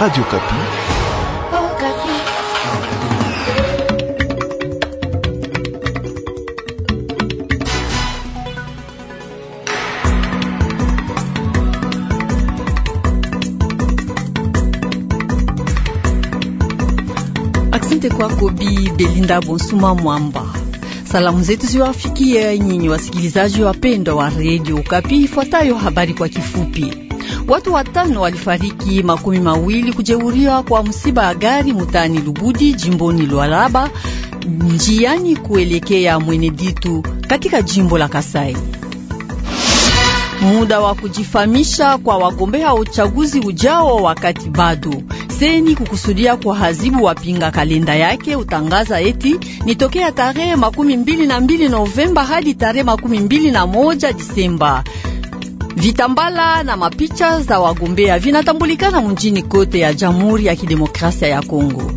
Radio Kapi. Oh, Kapi. Asante kwako Bi Belinda Bonsuma Mwamba. Salamu zetu ziwafikie nyinyi wasikilizaji wapendwa wa, wa redio Kapi. Ifuatayo habari kwa kifupi. Watu watano walifariki, makumi mawili kujeuriwa kwa msiba ya gari mutani Lubudi jimboni Lualaba njiani kuelekea Mweneditu katika jimbo la Kasai. Muda wa kujifamisha kwa wagombea uchaguzi ujao wakati bado. Seni kukusudia kwa hazibu wapinga kalenda yake utangaza eti nitokea tarehe makumi mbili na mbili Novemba hadi tarehe makumi mbili na moja Disemba. Vitambala na mapicha za wagombea vinatambulikana mjini kote ya Jamhuri ya Kidemokrasia ya Kongo.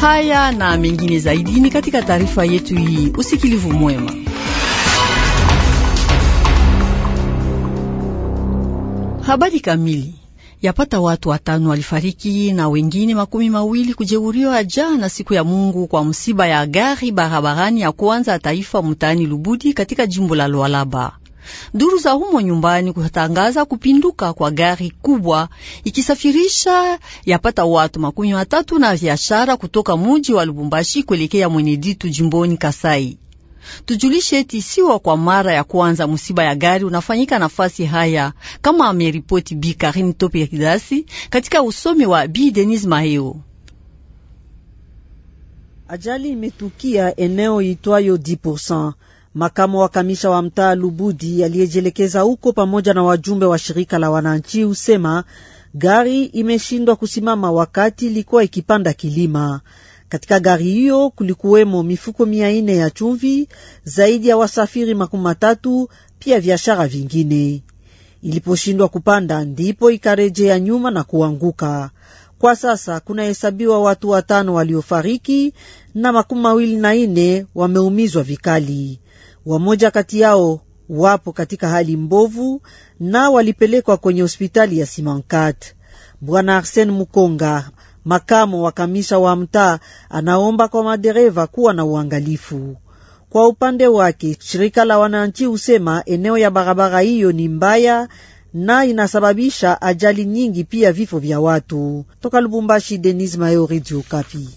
Haya na mengine zaidi ni katika taarifa yetu hii. Usikilivu mwema. Habari kamili. Yapata watu watano walifariki na wengine makumi mawili kujeuriwa jana siku ya Mungu kwa msiba ya gari barabarani ya kwanza ya taifa mtaani Lubudi katika jimbo la Lualaba. Duru za humo nyumbani kutangaza kupinduka kwa gari kubwa ikisafirisha yapata watu makumi matatu na biashara kutoka muji wa Lubumbashi kuelekea Mweneditu jimboni Kasai. Tujulishe eti siwa kwa mara ya kwanza musiba ya gari unafanyika nafasi haya, kama ameripoti Bi Karim Tope Kidasi katika usomi wa Bi denis Maheo. Ajali imetukia eneo itwayo 10% Makamu wa kamisha wa mtaa Lubudi aliyejielekeza huko pamoja na wajumbe wa shirika la wananchi husema gari imeshindwa kusimama wakati ilikuwa ikipanda kilima. Katika gari hiyo kulikuwemo mifuko mia nne ya chumvi, zaidi ya wasafiri makumi matatu, pia biashara vingine. Iliposhindwa kupanda, ndipo ikarejea nyuma na kuanguka. Kwa sasa kunahesabiwa watu watano waliofariki na makumi mawili na nne wameumizwa vikali. Wamoja kati yao wapo katika hali mbovu na walipelekwa kwenye hospitali ya Simankat. Bwana Arsen Mukonga, makamo wa kamisa wa mtaa, anaomba kwa madereva kuwa na uangalifu. Kwa upande wake, shirika la wananchi husema eneo ya barabara hiyo ni mbaya na inasababisha ajali nyingi, pia vifo vya watu. Toka Lubumbashi, Denis Mayo, Radio Okapi.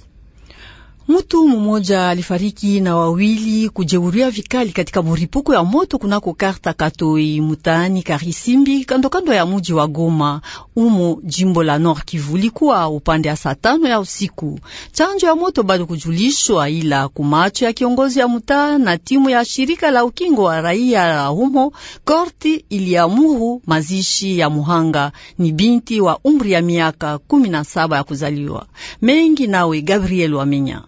Mtu mmoja alifariki na wawili kujeuria vikali katika muripuko ya moto kunako karta Katoi mutaani Karisimbi kandokando ya muji wa Goma umo jimbo la Nord Kivu, likuwa upande ya saa tano ya usiku. Chanjo ya moto bado kujulishwa, ila kumacho ya kiongozi ya mutaa na timu ya shirika la ukingo wa raia la humo, korti iliamuru mazishi ya muhanga ni binti wa umri ya miaka kumi na saba ya kuzaliwa. Mengi nawe Gabriel Wamenya.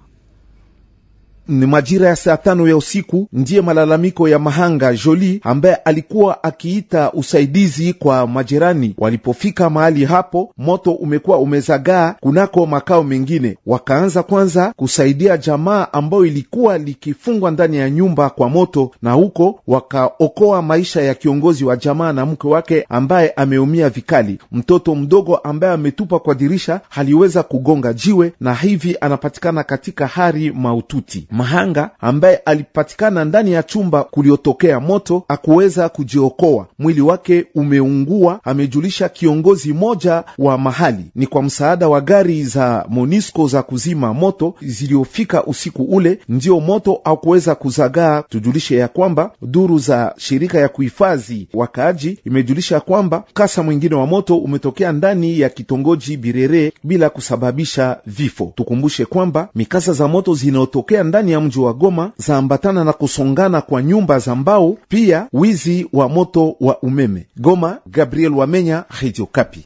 Ni majira ya saa tano ya usiku, ndiye malalamiko ya Mahanga Joli ambaye alikuwa akiita usaidizi kwa majirani. Walipofika mahali hapo, moto umekuwa umezagaa kunako makao mengine, wakaanza kwanza kusaidia jamaa ambayo ilikuwa likifungwa ndani ya nyumba kwa moto, na huko wakaokoa maisha ya kiongozi wa jamaa na mke wake ambaye ameumia vikali. Mtoto mdogo ambaye ametupa kwa dirisha haliweza kugonga jiwe na hivi anapatikana katika hali mahututi. Mahanga ambaye alipatikana ndani ya chumba kuliotokea moto akuweza kujiokoa, mwili wake umeungua, amejulisha kiongozi moja wa mahali. Ni kwa msaada wa gari za Monisco za kuzima moto ziliofika usiku ule ndio moto akuweza kuzagaa. Tujulishe ya kwamba duru za shirika ya kuhifadhi wakaaji imejulisha kwamba mkasa mwingine wa moto umetokea ndani ya kitongoji Birere bila kusababisha vifo. Tukumbushe kwamba mikasa za moto zinaotokea ndani ndani ya mji wa Goma zaambatana na kusongana kwa nyumba za mbao, pia wizi wa moto wa umeme. Goma, Gabriel Wamenya, Radio Kapi.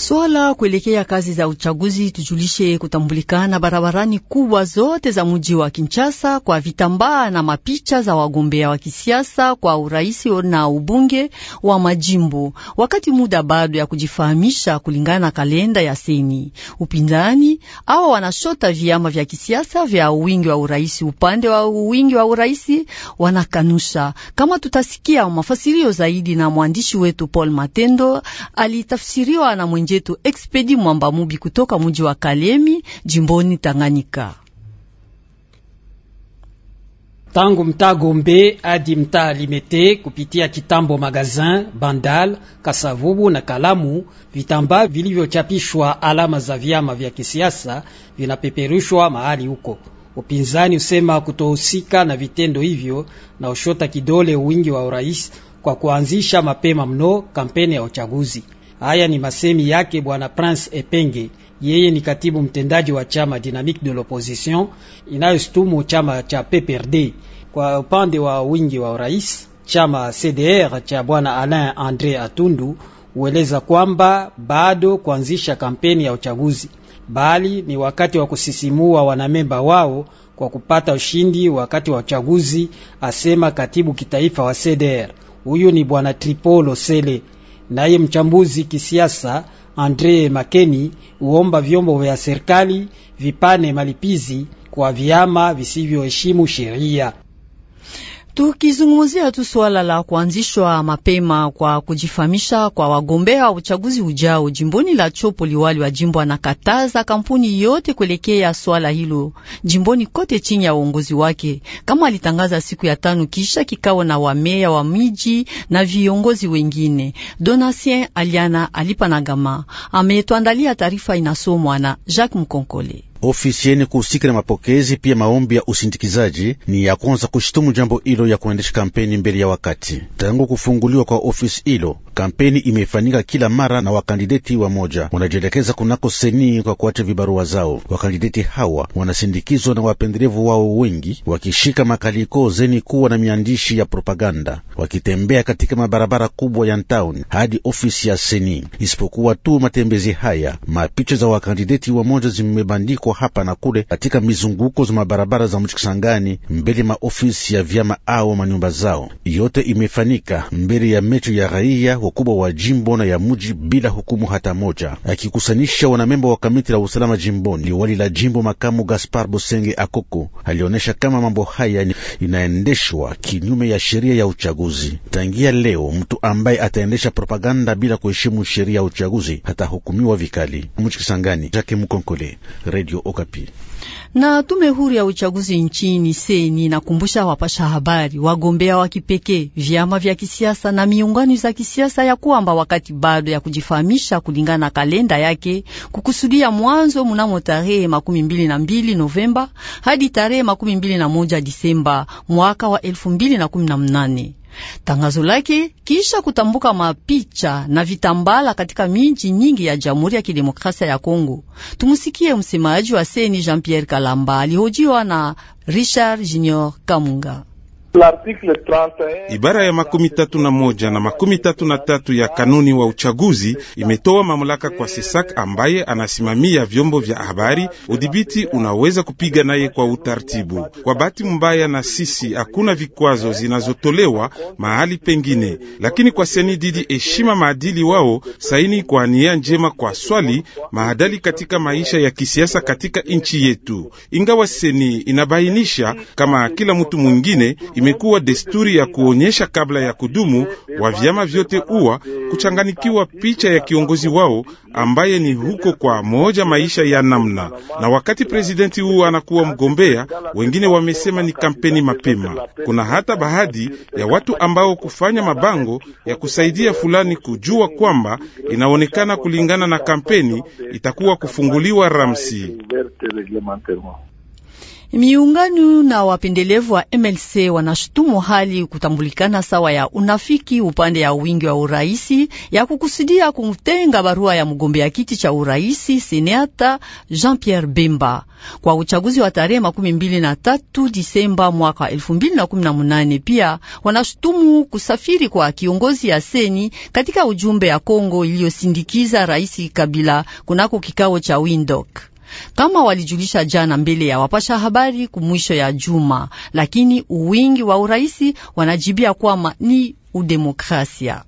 Swala kuelekea kazi za uchaguzi, tujulishe kutambulikana barabarani kubwa zote za mji wa Kinshasa kwa vitambaa na mapicha za wagombea wa kisiasa kwa urais na ubunge wa majimbo, wakati muda bado ya kujifahamisha kulingana na kalenda ya seni. Upinzani awa wanashota vyama vya kisiasa vya wingi wa urais. Upande wa wingi wa urais wanakanusha, kama tutasikia mafasirio zaidi na mwandishi wetu Paul Matendo, alitafsiriwa na mwenye mwenjetu Expedi Mwamba Mubi kutoka mji wa Kalemi jimboni Tanganyika. Tangu mtaa Gombe hadi mtaa Limete kupitia kitambo magazin Bandal, Kasavubu na Kalamu, vitambaa vilivyochapishwa alama za vyama vya kisiasa vinapeperushwa mahali huko. Upinzani usema kutohusika na vitendo hivyo na ushota kidole uwingi wa urais kwa kuanzisha mapema mno kampeni ya uchaguzi. Haya ni masemi yake bwana Prince Epenge, yeye ni katibu mtendaji wa chama Dynamique de l'Opposition inayostumu chama cha PPRD kwa upande wa wingi wa urais. Chama CDR cha bwana Alain Andre Atundu hueleza kwamba bado kuanzisha kampeni ya uchaguzi, bali ni wakati wa kusisimua wanamemba wao kwa kupata ushindi wakati wa uchaguzi, asema katibu kitaifa wa CDR. Huyu ni bwana Tripolo Sele. Naye mchambuzi kisiasa Andre Makeni uomba vyombo vya serikali vipane malipizi kwa vyama visivyoheshimu sheria. Tukizungumzia tu suala la kuanzishwa mapema kwa kujifahamisha kwa wagombea uchaguzi ujao jimboni la Chopo, liwali wa jimbo anakataza kampuni yote kuelekea swala hilo jimboni kote chini ya uongozi wake, kama alitangaza siku ya tano kisha kikao na wameya wa miji na viongozi wengine. Donatien Aliana Alipanagama ametuandalia taarifa, inasomwa na Jacques Mkonkole. Ofisi yeni kuhusika na mapokezi pia maombi ya usindikizaji ni ya kwanza kushutumu jambo hilo ya kuendesha kampeni mbele ya wakati. Tangu kufunguliwa kwa ofisi hilo, kampeni imefanyika kila mara na wakandideti wa moja wanajielekeza kunako seni kwa kuacha vibarua zao. Wakandideti hawa wanasindikizwa na wapendelevu wao wengi, wakishika makaliko zeni kuwa na miandishi ya propaganda, wakitembea katika mabarabara kubwa ya ntauni hadi ofisi ya seni. Isipokuwa tu matembezi haya, mapicha za wakandideti wa moja zimebandikwa kuwekwa hapa na kule katika mizunguko za mabarabara za mji Kisangani, mbele maofisi ya vyama au manyumba zao. Yote imefanyika mbele ya mecho ya raia wakubwa wa jimbo na ya mji bila hukumu hata moja, akikusanisha wanamemba wa kamiti la usalama jimboni. Liwali la jimbo makamu Gaspar Bosenge Akoko alionyesha kama mambo haya inaendeshwa kinyume ya sheria ya uchaguzi. Tangia leo mtu ambaye ataendesha propaganda bila kuheshimu sheria ya uchaguzi hatahukumiwa vikali. Mji Kisangani, Jake Mkonkole, Radio Radio Okapi. Na tume huru ya uchaguzi nchini seni nakumbusha wapasha habari, wagombea wa kipekee, vyama vya kisiasa na miungano za kisiasa ya kwamba wakati bado ya kujifahamisha kulingana na kalenda yake, kukusudia mwanzo mnamo tarehe makumi mbili na mbili Novemba hadi tarehe makumi mbili na moja Disemba mwaka wa elfu mbili na kumi na Tangazo lake kisha kutambuka mapicha na vitambala katika miji nyingi ya Jamhuri ya Kidemokrasia ya Kongo. Tumusikie msemaji wa Seni Jean Pierre Kalamba alihojiwa na Richard Junior Kamunga. Ibara ya makumi tatu na moja na makumi tatu na tatu ya kanuni wa uchaguzi imetoa mamlaka kwa Sesak ambaye anasimamia vyombo vya habari, udhibiti unaweza kupiga naye kwa utaratibu. Kwa bahati mbaya, na sisi hakuna vikwazo zinazotolewa mahali pengine, lakini kwa seni didi heshima maadili wao saini kwa nia njema kwa swali maadali katika maisha ya kisiasa katika nchi yetu, ingawa seni inabainisha kama kila mtu mwingine Imekuwa desturi ya kuonyesha kabla ya kudumu wa vyama vyote uwa kuchanganikiwa picha ya kiongozi wao ambaye ni huko kwa moja maisha ya namna, na wakati presidenti huwa anakuwa mgombea, wengine wamesema ni kampeni mapema. Kuna hata baadhi ya watu ambao kufanya mabango ya kusaidia fulani kujua kwamba inaonekana kulingana na kampeni itakuwa kufunguliwa Ramsi. Miungano na wapendelevu wa MLC wanashutumu hali kutambulikana sawa ya unafiki upande ya wingi wa uraisi ya kukusudia kumtenga barua ya mgombea kiti cha uraisi seneta Jean-Pierre Bemba kwa uchaguzi wa tarehe makumi mbili na tatu Disemba mwaka elfu mbili na kumi na munane. Pia wanashutumu kusafiri kwa kiongozi ya seni katika ujumbe ya Kongo iliyosindikiza Raisi Kabila kunako kikao cha Windhoek kama walijulisha jana mbele ya wapasha habari kumwisho ya juma, lakini uwingi wa uraisi wanajibia kwama ni udemokrasia.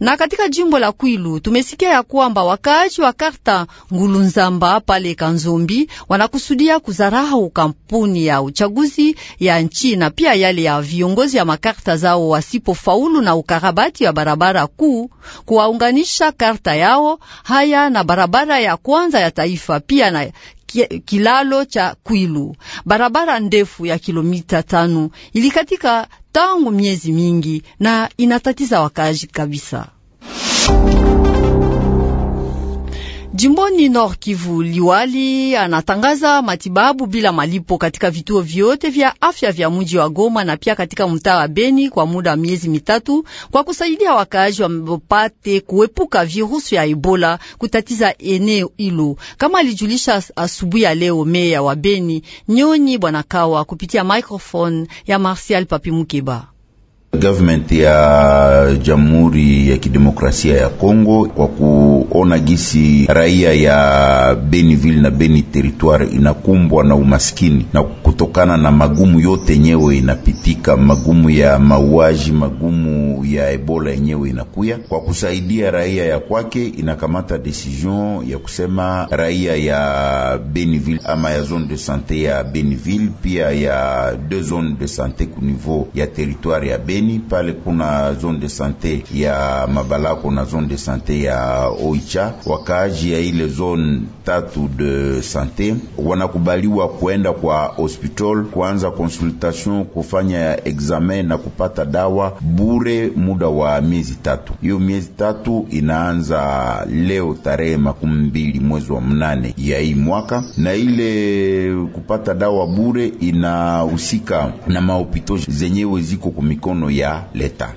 Na katika jimbo la Kwilu tumesikia ya kwamba wakaaji wa karta Ngulunzamba pale Kanzombi wanakusudia kuzarahu kampuni ya uchaguzi ya nchi na pia yale ya viongozi ya makarta zao wasipofaulu na ukarabati wa barabara kuu kuwaunganisha karta yao haya na barabara ya kwanza ya taifa pia na kilalo cha Kwilu. Barabara ndefu ya kilomita tano ilikatika tangu miezi mingi na inatatiza wakazi kabisa. Jimboni Nord Kivu, liwali anatangaza matibabu bila malipo katika vituo vyote vya afya vya mji wa Goma na pia katika mtaa wa Beni kwa muda wa miezi mitatu kwa kusaidia wakaaji wapate kuepuka virusi ya Ebola kutatiza eneo hilo, kama alijulisha asubuhi ya leo meya wa Beni Nyonyi Bwana Kawa kupitia microphone ya Martial papimukeba Government ya Jamhuri ya Kidemokrasia ya Kongo kwa kuona gisi raia ya Beniville na Beni Territoire inakumbwa na umaskini na kutokana na magumu yote yenyewe inapitika, magumu ya mauaji, magumu ya Ebola yenyewe inakuya, kwa kusaidia raia ya kwake inakamata decision ya kusema raia ya Beniville ama ya zone de sante ya Beniville pia ya deux zones de sante ku niveau ya territoire ya Beni Beni pale kuna zone de sante ya Mabalako na zone de sante ya Oicha. Wakaaji ya ile zone tatu de sante wanakubaliwa kuenda kwa hospital kuanza consultation, kufanya examen na kupata dawa bure muda wa miezi tatu. Hiyo miezi tatu inaanza leo tarehe makumi mbili mwezi wa mnane ya hii mwaka, na ile kupata dawa bure inahusika na mahopito zenyewe ziko kumikono via l'État.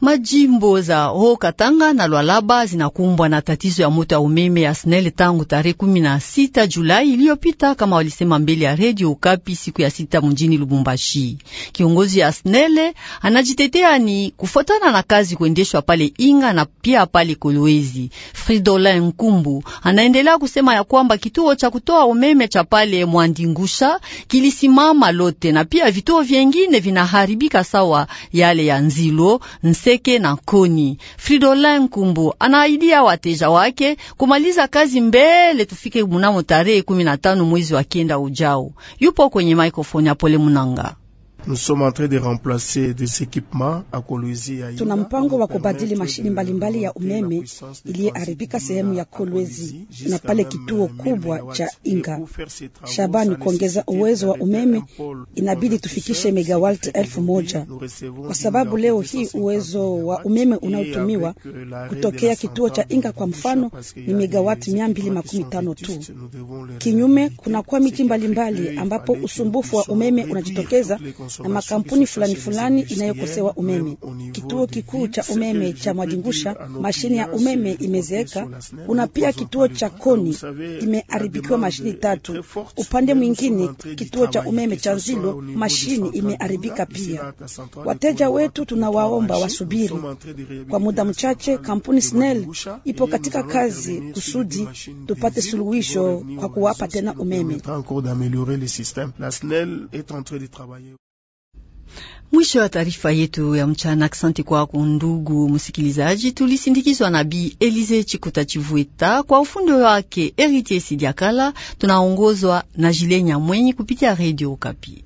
Majimbo za ho Katanga na Lwalaba zinakumbwa na tatizo ya moto ya umeme ya SNEL tangu tarehe 16 Julai iliyopita, kama walisema mbele ya redio Ukapi siku ya sita mjini Lubumbashi. Kiongozi ya SNEL anajitetea ni kufuatana na kazi kuendeshwa pale Inga na pia pale Kolwezi. Fridolin Nkumbu anaendelea kusema ya kwamba kituo cha kutoa umeme cha pale Mwandingusha kilisimama lote na pia vituo vyengine vinaharibika sawa yale ya Nzilo Nse Kiseke na Koni. Fridolin Nkumbu anaidia wateja wake kumaliza kazi mbele tufike munamo tarehe 15 mwezi wa kenda ujao. Yupo kwenye maikrofoni ya Pole Munanga. Tuna mpango wa kubadili mashini mbalimbali ya umeme iliyeharibika sehemu ya Kolwezi na pale kituo kubwa cha Inga Shabani. Kuongeza uwezo wa umeme, inabidi tufikishe megawati elfu moja kwa sababu leo hii uwezo wa umeme unaotumiwa kutokea kituo cha Inga kwa mfano ni megawati mia mbili makumi tano tu. Kinyume kunakuwa miji mbalimbali ambapo usumbufu wa umeme unajitokeza na makampuni fulani fulani inayokosewa umeme. Kituo kikuu cha umeme cha Mwadingusha, mashine ya umeme imezeeka. Kuna pia kituo cha Koni imeharibikiwa mashini tatu. Upande mwingine, kituo cha umeme cha Nzilo mashini imeharibika pia. Wateja wetu tunawaomba wasubiri kwa muda mchache. Kampuni SNEL ipo katika kazi kusudi tupate suluhisho kwa kuwapa tena umeme. Mwisho wa taarifa yetu ya mchana. Asante kwako ndugu msikilizaji, tulisindikizwa na Bi Elize Chikuta Chivueta kwa ufundi wake Eritier Sidiakala, tunaongozwa na Jile Nyamwenyi kupitia Radio ukapi